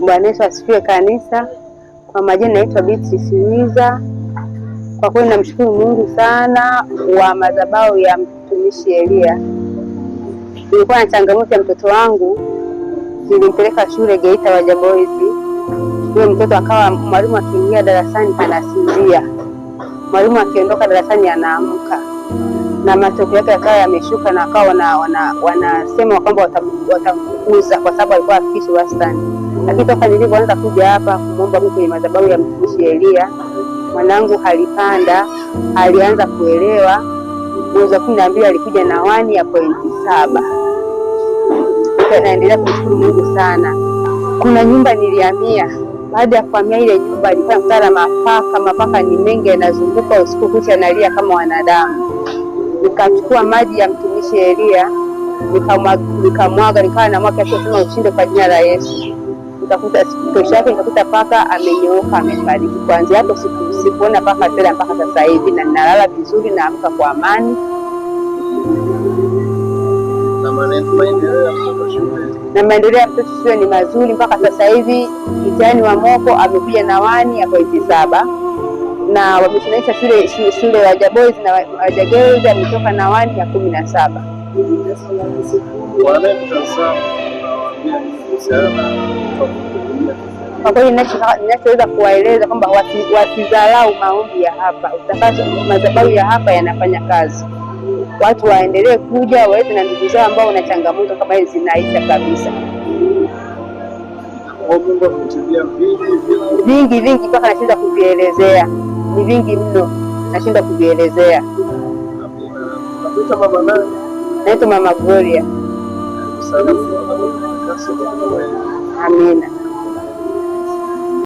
Bwana Yesu asifiwe kanisa. Kwa majina naitwa Beatrice siwiza Kwa kweli namshukuru Mungu sana wa madhabahu ya mtumishi Elia. Nilikuwa na changamoto ya mtoto wangu, nilimpeleka shule Geita Waja Boys. Huyo mtoto akawa, mwalimu akiingia darasani anasinzia, mwalimu akiondoka darasani anaamka, na matokeo yake akawa yameshuka, na akawa wanasema wana, wana kwamba watamfukuza kwa sababu alikuwa afikishi wastani lakini toka nilivyoanza kuja hapa kumuomba Mungu kwenye madhabahu ya mtumishi Elia, mwanangu alipanda, alianza kuelewa. Mwezi wa kumi na mbili alikuja na wani ya pointi saba. Naendelea kumshukuru Mungu sana. Kuna nyumba nilihamia baada ya kuhamia ile nyumba nilikuwa mtara mapaka. Mapaka ni mengi, yanazunguka usiku kucha, analia kama wanadamu. Nikachukua maji ya mtumishi Elia nikamwaga, nikawa namwaka, akisema ushinde kwa jina la Yesu utakuta kesho yake utakuta paka amenyooka, amefariki. Kuanzia hapo sikuona paka tena mpaka sasa hivi, na nalala vizuri, naamka kwa amani. Na maendeleo ya mtoto sio ni mazuri mpaka sasa hivi. Mtihani wa moko amekuja na wani ya pointi saba na wameshinaisha shule shule ya Wajaboys na Wajageuzi ametoka na wani ya kumi na saba. Kwa kweli ninachoweza kuwaeleza kwamba wasidharau maombi ya hapa, utakaso madhabahu ya hapa yanafanya kazi. Watu waendelee kuja waweze na ndugu zao ambao wana changamoto kama hizi, zinaisha kabisa vingi vingi, mpaka nashinda kuvielezea, ni vingi mno, nashinda kuvielezea. Naitwa Mama Gloria. Amin